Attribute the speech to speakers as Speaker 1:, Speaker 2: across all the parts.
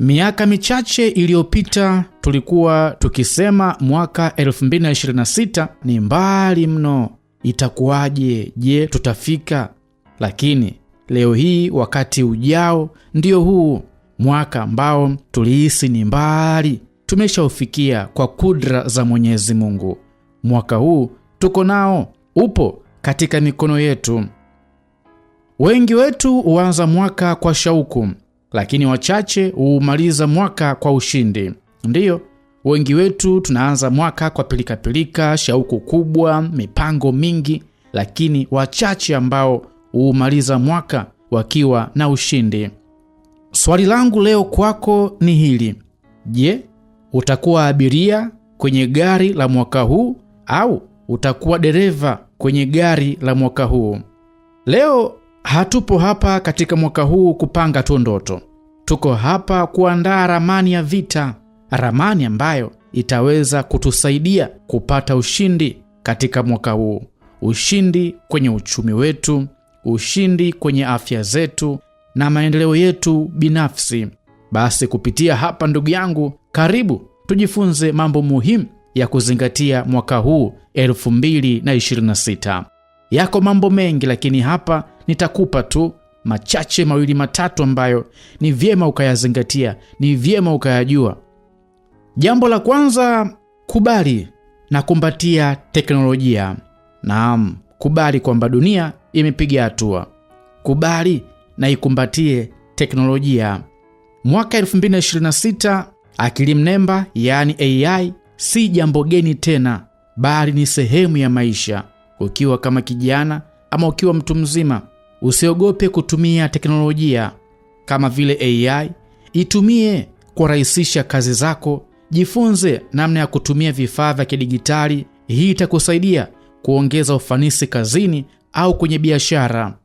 Speaker 1: Miaka michache iliyopita tulikuwa tukisema mwaka 2026 ni mbali mno, itakuwaje? Je, tutafika? Lakini leo hii wakati ujao ndio huu, mwaka ambao tulihisi ni mbali tumeshaufikia kwa kudra za Mwenyezi Mungu. Mwaka huu tuko nao, upo katika mikono yetu. Wengi wetu huanza mwaka kwa shauku lakini wachache huumaliza mwaka kwa ushindi. Ndiyo, wengi wetu tunaanza mwaka kwa pilikapilika, shauku kubwa, mipango mingi, lakini wachache ambao huumaliza mwaka wakiwa na ushindi. Swali langu leo kwako ni hili: je, utakuwa abiria kwenye gari la mwaka huu au utakuwa dereva kwenye gari la mwaka huu? Leo Hatupo hapa katika mwaka huu kupanga tu ndoto. Tuko hapa kuandaa ramani ya vita, ramani ambayo itaweza kutusaidia kupata ushindi katika mwaka huu, ushindi kwenye uchumi wetu, ushindi kwenye afya zetu na maendeleo yetu binafsi. Basi kupitia hapa, ndugu yangu, karibu tujifunze mambo muhimu ya kuzingatia mwaka huu 2026. Yako mambo mengi, lakini hapa nitakupa tu machache mawili matatu ambayo ni vyema ukayazingatia, ni vyema ukayajua. Jambo la kwanza, kubali na kumbatia teknolojia. Naam, kubali kwamba dunia imepiga hatua, kubali na ikumbatie teknolojia. Mwaka 226 akili mnemba, yani AI, si jambo geni tena, bali ni sehemu ya maisha. Ukiwa kama kijana ama ukiwa mtu mzima, Usiogope kutumia teknolojia kama vile AI, itumie kurahisisha kazi zako. Jifunze namna ya kutumia vifaa vya kidijitali. Hii itakusaidia kuongeza ufanisi kazini au kwenye biashara.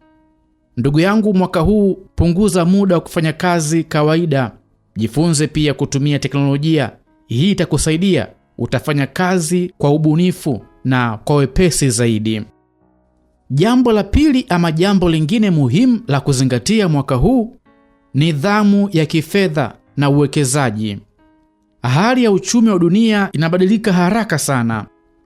Speaker 1: Ndugu yangu, mwaka huu punguza muda wa kufanya kazi kawaida, jifunze pia kutumia teknolojia. Hii itakusaidia utafanya kazi kwa ubunifu na kwa wepesi zaidi. Jambo la pili ama jambo lingine muhimu la kuzingatia mwaka huu, nidhamu ya kifedha na uwekezaji. Hali ya uchumi wa dunia inabadilika haraka sana.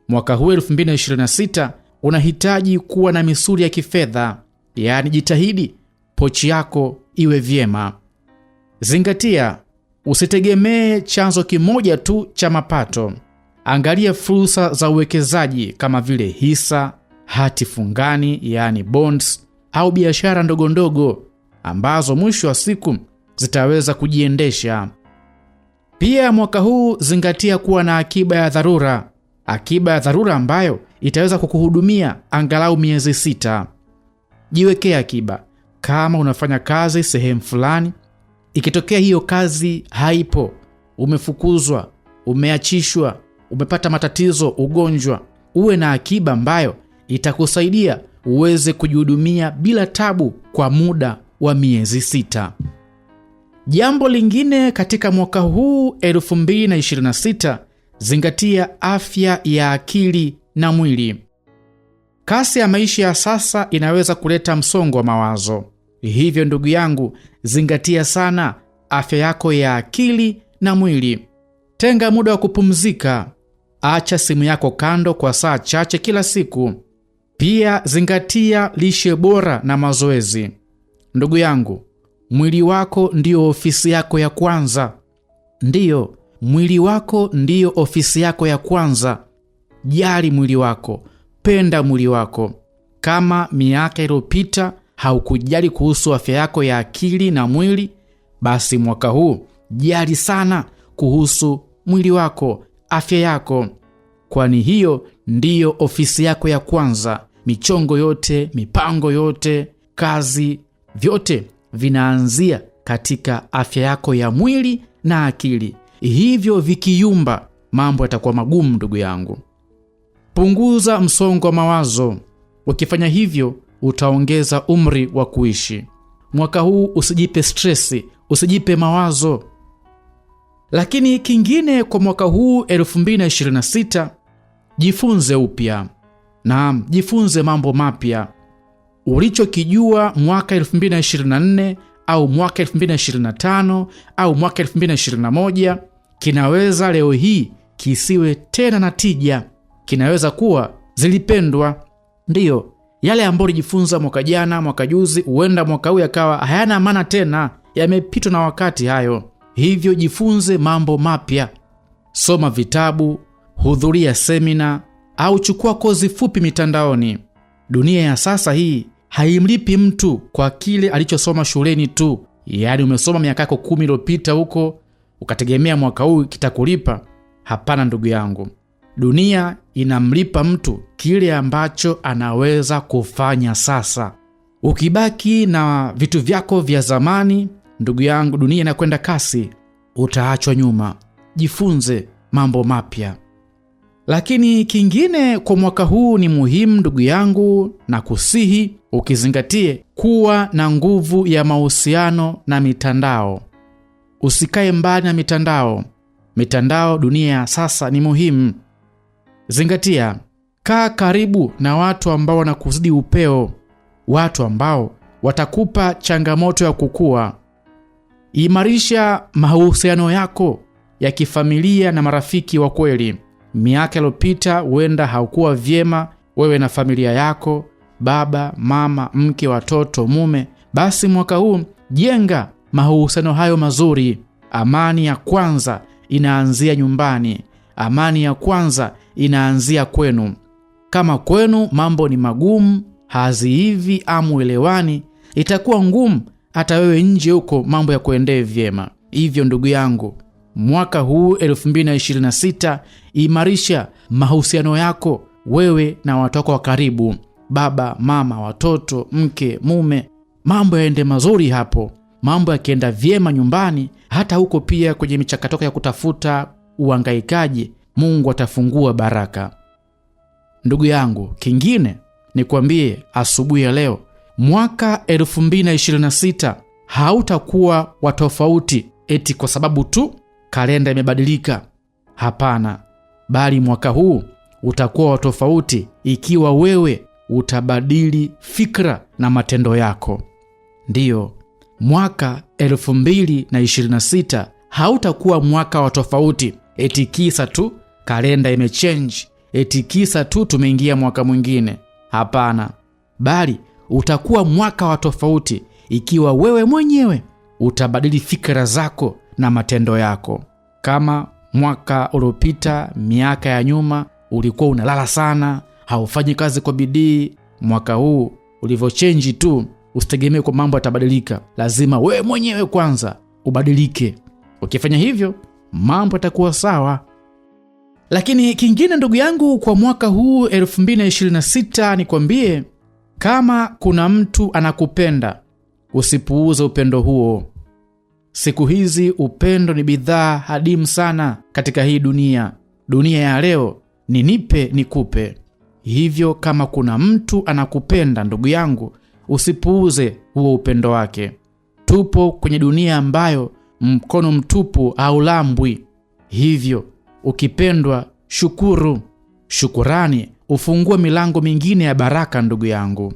Speaker 1: Mwaka huu 2026 unahitaji kuwa na misuli ya kifedha, yaani jitahidi pochi yako iwe vyema. Zingatia, usitegemee chanzo kimoja tu cha mapato. Angalia fursa za uwekezaji kama vile hisa, hati fungani, yaani bonds, au biashara ndogo ndogo ambazo mwisho wa siku zitaweza kujiendesha. Pia mwaka huu zingatia kuwa na akiba ya dharura, akiba ya dharura ambayo itaweza kukuhudumia angalau miezi sita. Jiwekee akiba kama unafanya kazi sehemu fulani, ikitokea hiyo kazi haipo, umefukuzwa, umeachishwa, umepata matatizo, ugonjwa, uwe na akiba ambayo itakusaidia uweze kujihudumia bila tabu kwa muda wa miezi sita. Jambo lingine katika mwaka huu 2026, zingatia afya ya akili na mwili. Kasi ya maisha ya sasa inaweza kuleta msongo wa mawazo. Hivyo ndugu yangu, zingatia sana afya yako ya akili na mwili. Tenga muda wa kupumzika, acha simu yako kando kwa saa chache kila siku. Pia zingatia lishe bora na mazoezi. Ndugu yangu, mwili wako ndiyo ofisi yako ya kwanza. Ndiyo, mwili wako ndiyo ofisi yako ya kwanza. Jali mwili wako, penda mwili wako. Kama miaka iliyopita haukujali kuhusu afya yako ya akili na mwili, basi mwaka huu jali sana kuhusu mwili wako, afya yako, kwani hiyo ndiyo ofisi yako ya kwanza michongo yote, mipango yote, kazi, vyote vinaanzia katika afya yako ya mwili na akili. Hivyo vikiyumba, mambo yatakuwa magumu, ndugu yangu. Punguza msongo wa mawazo. Ukifanya hivyo, utaongeza umri wa kuishi. Mwaka huu usijipe stresi, usijipe mawazo. Lakini kingine kwa mwaka huu 226 jifunze upya na jifunze mambo mapya. Ulichokijua mwaka 2024 au mwaka 2025 au mwaka 2021 kinaweza leo hii kisiwe tena na tija, kinaweza kuwa zilipendwa. Ndiyo, yale ambayo ulijifunza mwaka jana, mwaka juzi, huenda mwaka huu yakawa hayana maana tena, yamepitwa na wakati hayo. Hivyo jifunze mambo mapya, soma vitabu, hudhuria semina, au chukua kozi fupi mitandaoni. Dunia ya sasa hii haimlipi mtu kwa kile alichosoma shuleni tu. Yaani umesoma miaka yako kumi iliyopita huko ukategemea mwaka huu kitakulipa. Hapana ndugu yangu, dunia inamlipa mtu kile ambacho anaweza kufanya sasa. Ukibaki na vitu vyako vya zamani, ndugu yangu, dunia inakwenda kasi, utaachwa nyuma. Jifunze mambo mapya. Lakini kingine kwa mwaka huu ni muhimu, ndugu yangu, na kusihi ukizingatie kuwa na nguvu ya mahusiano na mitandao. Usikae mbali na mitandao. Mitandao dunia ya sasa ni muhimu. Zingatia, kaa karibu na watu ambao wanakuzidi upeo, watu ambao watakupa changamoto ya kukua. Imarisha mahusiano yako ya kifamilia na marafiki wa kweli miaka iliyopita huenda haukuwa vyema wewe na familia yako, baba, mama, mke, watoto, mume. Basi mwaka huu jenga mahusiano hayo mazuri. Amani ya kwanza inaanzia nyumbani, amani ya kwanza inaanzia kwenu. Kama kwenu mambo ni magumu, haziivi amuelewani, itakuwa ngumu hata wewe nje huko mambo ya kuendee vyema. Hivyo ndugu yangu, mwaka huu 2026 imarisha mahusiano yako wewe na watu wako wa karibu, baba, mama, watoto, mke, mume. Mambo yaende mazuri hapo. Mambo yakienda vyema nyumbani, hata huko pia kwenye michakatoka ya kutafuta uhangaikaji, Mungu atafungua baraka. Ndugu yangu, kingine nikwambie asubuhi ya leo, mwaka 226 hautakuwa wa tofauti eti kwa sababu tu kalenda imebadilika. Hapana, bali mwaka huu utakuwa wa tofauti ikiwa wewe utabadili fikra na matendo yako. Ndiyo, mwaka 2026 hautakuwa mwaka wa tofauti etikisa tu kalenda imechenji etikisa tu tumeingia mwaka mwingine. Hapana, bali utakuwa mwaka wa tofauti ikiwa wewe mwenyewe utabadili fikra zako na matendo yako. Kama mwaka uliopita, miaka ya nyuma, ulikuwa unalala sana, haufanyi kazi kwa bidii, mwaka huu ulivyochenji tu, usitegemee kwa mambo yatabadilika. Lazima wewe mwenyewe kwanza ubadilike. Ukifanya hivyo, mambo yatakuwa sawa. Lakini kingine, ndugu yangu, kwa mwaka huu 226 nikwambie, kama kuna mtu anakupenda usipuuze upendo huo. Siku hizi upendo ni bidhaa hadimu sana katika hii dunia. Dunia ya leo ni nipe nikupe. Hivyo kama kuna mtu anakupenda ndugu yangu, usipuuze huo upendo wake. Tupo kwenye dunia ambayo mkono mtupu aulambwi Hivyo ukipendwa, shukuru. Shukurani ufungue milango mingine ya baraka ndugu yangu.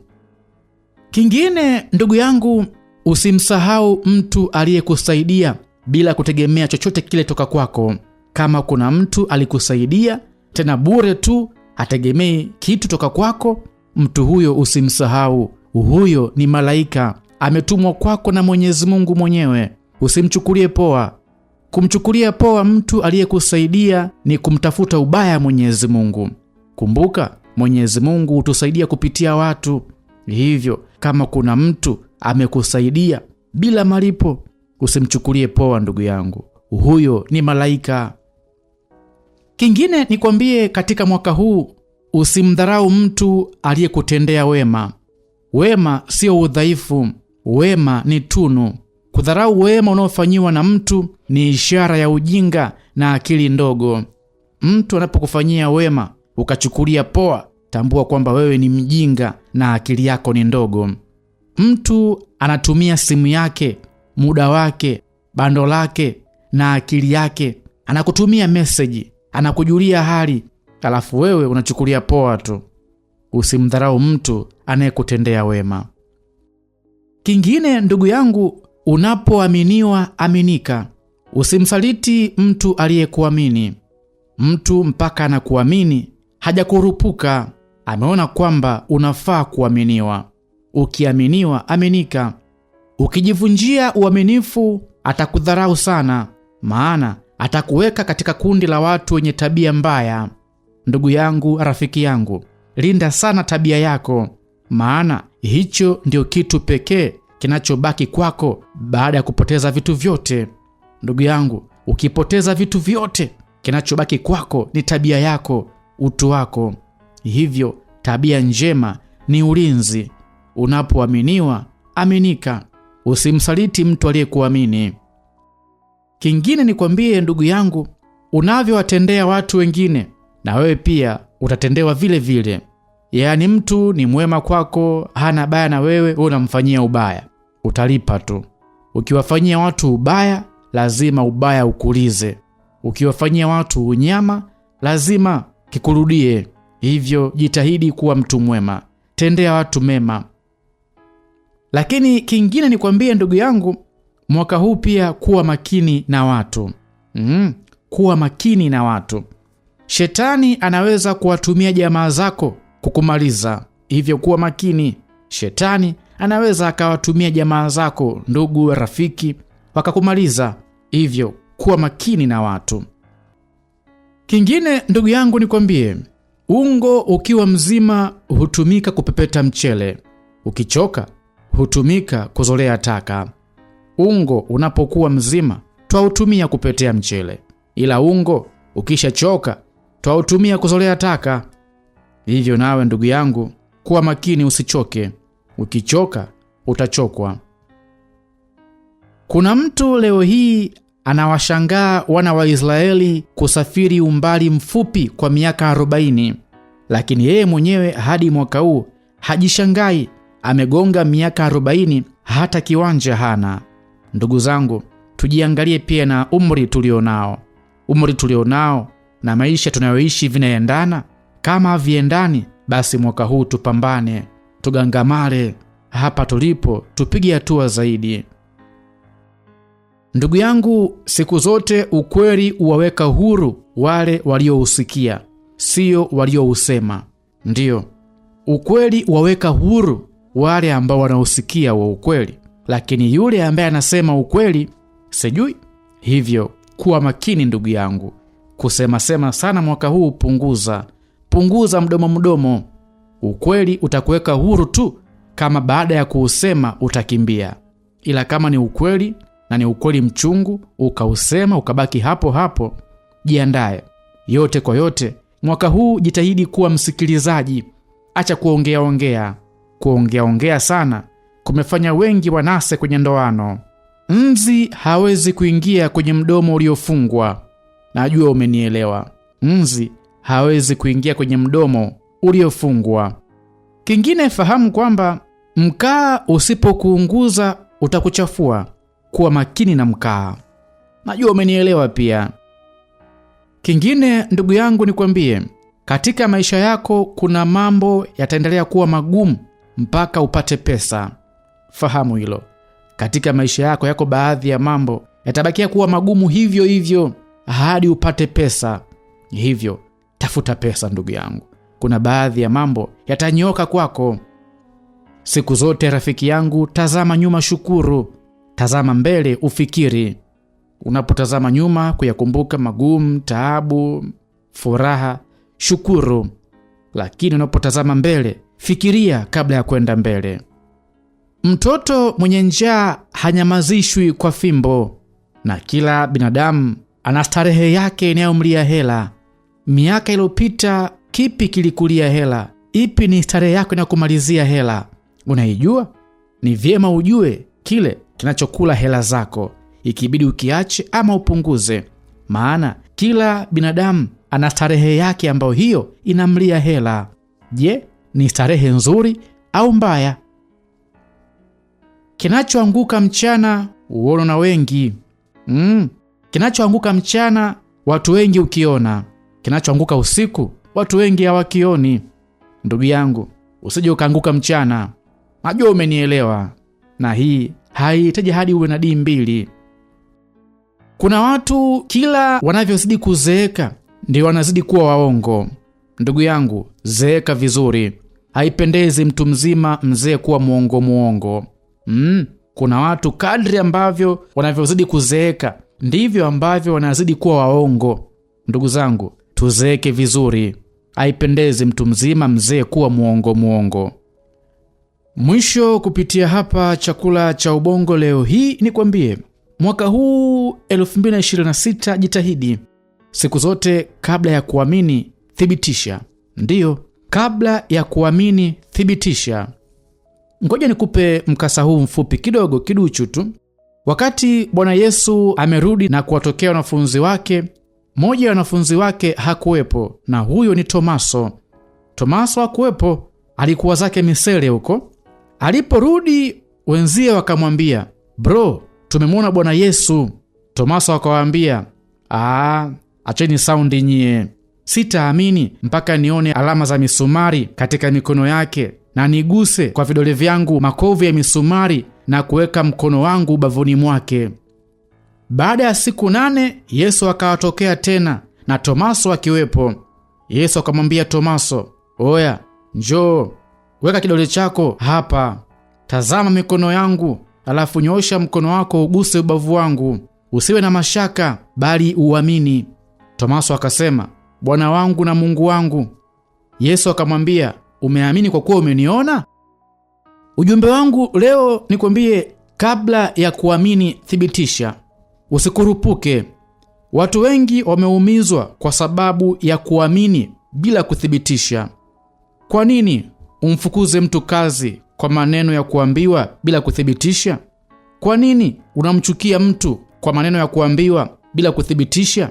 Speaker 1: Kingine ndugu yangu Usimsahau mtu aliyekusaidia bila kutegemea chochote kile toka kwako. Kama kuna mtu alikusaidia tena bure tu, hategemei kitu toka kwako, mtu huyo usimsahau. Huyo ni malaika ametumwa kwako na Mwenyezi Mungu mwenyewe. Usimchukulie poa. Kumchukulia poa mtu aliyekusaidia ni kumtafuta ubaya Mwenyezi Mungu. Kumbuka Mwenyezi Mungu hutusaidia kupitia watu. Hivyo kama kuna mtu amekusaidia bila malipo. Usimchukulie poa, ndugu yangu, huyo ni malaika. Kingine nikwambie, katika mwaka huu usimdharau mtu aliyekutendea wema. Wema sio udhaifu, wema ni tunu. Kudharau wema unaofanyiwa na mtu ni ishara ya ujinga na akili ndogo. Mtu anapokufanyia wema ukachukulia poa, tambua kwamba wewe ni mjinga na akili yako ni ndogo. Mtu anatumia simu yake, muda wake, bando lake na akili yake, anakutumia meseji, anakujulia hali, alafu wewe unachukulia poa tu. Usimdharau mtu anayekutendea wema. Kingine ndugu yangu, unapoaminiwa aminika. Usimsaliti mtu aliyekuamini. Mtu mpaka anakuamini hajakurupuka, ameona kwamba unafaa kuaminiwa ukiaminiwa aminika. Ukijivunjia uaminifu, atakudharau sana, maana atakuweka katika kundi la watu wenye tabia mbaya. Ndugu yangu, rafiki yangu, linda sana tabia yako, maana hicho ndio kitu pekee kinachobaki kwako baada ya kupoteza vitu vyote. Ndugu yangu, ukipoteza vitu vyote, kinachobaki kwako ni tabia yako, utu wako. Hivyo tabia njema ni ulinzi, unapoaminiwa aminika, usimsaliti mtu aliyekuamini. Kingine nikwambie ndugu yangu, unavyowatendea watu wengine, na wewe pia utatendewa vile vile. Yaani, mtu ni mwema kwako, hana baya na wewe, wewe unamfanyia ubaya, utalipa tu. Ukiwafanyia watu ubaya, lazima ubaya ukulize. Ukiwafanyia watu unyama, lazima kikurudie. Hivyo jitahidi kuwa mtu mwema, tendea watu mema, lakini kingine nikwambie ndugu yangu, mwaka huu pia kuwa makini na watu mm, kuwa makini na watu. Shetani anaweza kuwatumia jamaa zako kukumaliza, hivyo kuwa makini. Shetani anaweza akawatumia jamaa zako, ndugu, rafiki, wakakumaliza, hivyo kuwa makini na watu. Kingine ndugu yangu nikwambie, ungo ukiwa mzima hutumika kupepeta mchele. Ukichoka hutumika kuzolea taka. Ungo unapokuwa mzima twautumia kupetea mchele, ila ungo ukishachoka twautumia kuzolea taka. Hivyo nawe ndugu yangu, kuwa makini usichoke, ukichoka utachokwa. Kuna mtu leo hii anawashangaa wana wa Israeli kusafiri umbali mfupi kwa miaka 40, lakini yeye mwenyewe hadi mwaka huu hajishangai amegonga miaka 40 hata kiwanja hana. Ndugu zangu, tujiangalie pia na umri tulionao, umri tulionao na maisha tunayoishi vinaendana? Kama haviendani, basi mwaka huu tupambane, tugangamale hapa tulipo, tupige hatua zaidi. Ndugu yangu, siku zote ukweli uwaweka huru wale waliohusikia, sio waliohusema Ndiyo, ukweli uwaweka huru wale ambao wanaosikia wa ukweli, lakini yule ambaye anasema ukweli sijui. Hivyo kuwa makini ndugu yangu, kusemasema sana mwaka huu, punguza punguza mdomo mdomo. Ukweli utakuweka huru tu kama baada ya kuusema utakimbia, ila kama ni ukweli na ni ukweli mchungu, ukausema ukabaki hapo hapo, jiandaye. Yote kwa yote, mwaka huu jitahidi kuwa msikilizaji, acha kuongeaongea ongea kuongeaongea sana kumefanya wengi wanase kwenye ndoano. Nzi hawezi kuingia kwenye mdomo uliofungwa. Najua umenielewa. Nzi hawezi kuingia kwenye mdomo uliofungwa. Kingine fahamu kwamba mkaa usipokuunguza utakuchafua. Kuwa makini na mkaa. Najua umenielewa pia. Kingine ndugu yangu, nikwambie, katika maisha yako kuna mambo yataendelea kuwa magumu mpaka upate pesa. Fahamu hilo. Katika maisha yako yako baadhi ya mambo yatabakia kuwa magumu hivyo hivyo hadi upate pesa. Hivyo tafuta pesa, ndugu yangu. Kuna baadhi ya mambo yatanyoka kwako. Siku zote rafiki yangu, tazama nyuma, shukuru. Tazama mbele, ufikiri. Unapotazama nyuma kuyakumbuka magumu, taabu, furaha, shukuru. Lakini unapotazama mbele fikiria kabla ya kwenda mbele. Mtoto mwenye njaa hanyamazishwi kwa fimbo, na kila binadamu ana starehe yake inayomlia hela. Miaka iliyopita, kipi kilikulia hela? Ipi ni starehe yako inayokumalizia hela? Unaijua? Ni vyema ujue kile kinachokula hela zako, ikibidi ukiache ama upunguze, maana kila binadamu ana starehe yake ambayo hiyo inamlia hela. Je, ni starehe nzuri au mbaya. Kinachoanguka mchana uono na wengi mm. Kinachoanguka mchana watu wengi ukiona, kinachoanguka usiku watu wengi hawakioni. Ndugu yangu, usije ukaanguka mchana. Najua umenielewa, na hii haihitaji hadi uwe na dii mbili. Kuna watu kila wanavyozidi kuzeeka ndio wanazidi kuwa waongo. Ndugu yangu, zeeka vizuri, haipendezi mtu mzima mzee kuwa mwongo mwongo. Mm, kuna watu kadri ambavyo wanavyozidi kuzeeka ndivyo ambavyo wanazidi kuwa waongo. Ndugu zangu, tuzeeke vizuri. Haipendezi mtu mzima mzee kuwa mwongo mwongo. Mwisho kupitia hapa chakula cha ubongo leo hii, nikwambie mwaka huu 226 jitahidi siku zote, kabla ya kuamini thibitisha. Ndiyo, Kabla ya kuamini, thibitisha. Ngoja nikupe mkasa huu mfupi kidogo kiduchu tu. Wakati Bwana Yesu amerudi na kuwatokea wanafunzi wake, mmoja ya wanafunzi wake hakuwepo, na huyo ni Tomaso. Tomaso hakuwepo, alikuwa zake misele huko. Aliporudi, wenzie wakamwambia, bro, tumemwona Bwana Yesu. Tomaso akawaambia, acheni saundi nyie Sitaamini mpaka nione alama za misumari katika mikono yake na niguse kwa vidole vyangu makovu ya misumari na kuweka mkono wangu ubavuni mwake. Baada ya siku nane Yesu akawatokea tena na Tomaso akiwepo. Yesu akamwambia Tomaso, oya, njoo, weka kidole chako hapa, tazama mikono yangu, alafu nyoosha mkono wako uguse ubavu wangu, usiwe na mashaka, bali uamini. Tomaso akasema Bwana wangu na Mungu wangu. Yesu akamwambia, umeamini kwa kuwa umeniona? Ujumbe wangu leo nikwambie, kabla ya kuamini, thibitisha, usikurupuke. Watu wengi wameumizwa kwa sababu ya kuamini bila kuthibitisha. Kwa nini umfukuze mtu kazi kwa maneno ya kuambiwa bila kuthibitisha? Kwa nini unamchukia mtu kwa maneno ya kuambiwa bila kuthibitisha?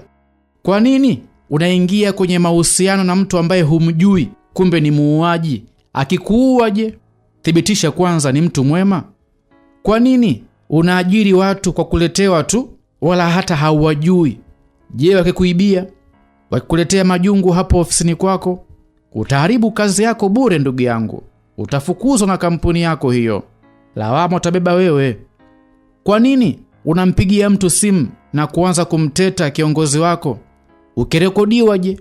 Speaker 1: Kwa nini unaingia kwenye mahusiano na mtu ambaye humjui, kumbe ni muuaji. akikuuaje thibitisha kwanza ni mtu mwema. Kwa nini unaajiri watu kwa kuletewa tu, wala hata hauwajui? Je, wakikuibia, wakikuletea majungu hapo ofisini kwako, utaharibu kazi yako bure, ndugu yangu, utafukuzwa na kampuni yako hiyo. Lawama utabeba wewe. Kwa nini unampigia mtu simu na kuanza kumteta kiongozi wako ukirekodiwa je?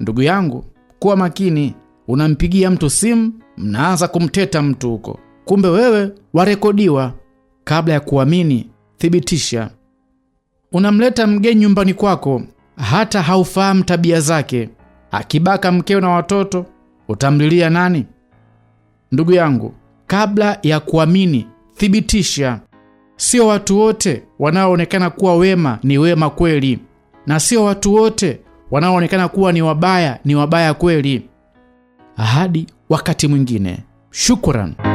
Speaker 1: Ndugu yangu, kuwa makini. Unampigia mtu simu, mnaanza kumteta mtu huko, kumbe wewe warekodiwa. Kabla ya kuamini, thibitisha. Unamleta mgeni nyumbani kwako, hata haufahamu tabia zake. Akibaka mkeo na watoto, utamlilia nani? Ndugu yangu, kabla ya kuamini, thibitisha. Sio watu wote wanaoonekana kuwa wema ni wema kweli na sio watu wote wanaoonekana kuwa ni wabaya ni wabaya kweli. Ahadi wakati mwingine. Shukrani.